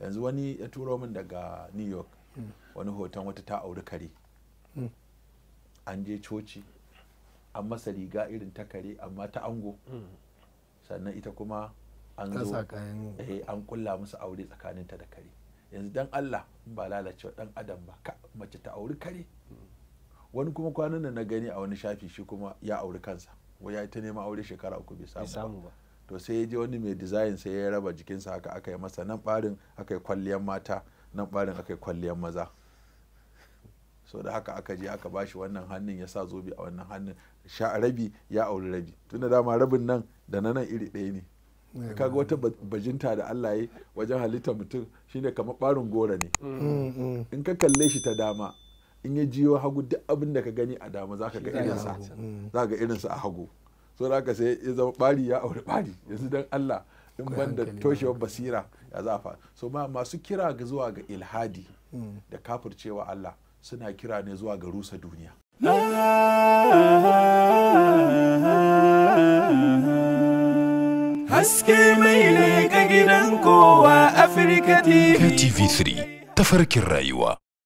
yanzu wani ya turo min daga new york wani hoton wata ta auri kare an je coci an masa riga irin ta kare amma ta ango sannan ita kuma an zo eh, an kulla musu aure tsakaninta da kare yanzu dan allah ba lalacewa dan adam ba mace ta auri kare wani kuma kwanan da na gani a wani shafi shi kuma ya auri kansa wai ya ita neman aure shekara uku bai samu ba to sai ya je wani mai design sai ya raba jikinsa haka aka yi masa nan barin aka yi kwalliyar mata nan barin aka yi kwalliyar maza so da haka aka je aka bashi wannan hannun ya sa zobe a wannan hannun sha rabi ya auri rabi tunda dama rabin nan da na nan iri ɗaya ne kaga wata bajinta da Allah ya wajen halitta mutum shine kamar barin gora ne in ka kalle shi ta dama in ya jiyo hagu duk abin da ka gani a dama za ka ga mm. irinsa a hagu saboda haka sai ya zama bari ya auri bari yanzu dan Allah in ban da toshewar basira ya zafa so ma masu kira ga zuwa ga ilhadi hmm. da kafircewa Allah suna kira ne zuwa ga rusa duniya haske mai ne ga gidan kowa afirka tv3 tafarkin rayuwa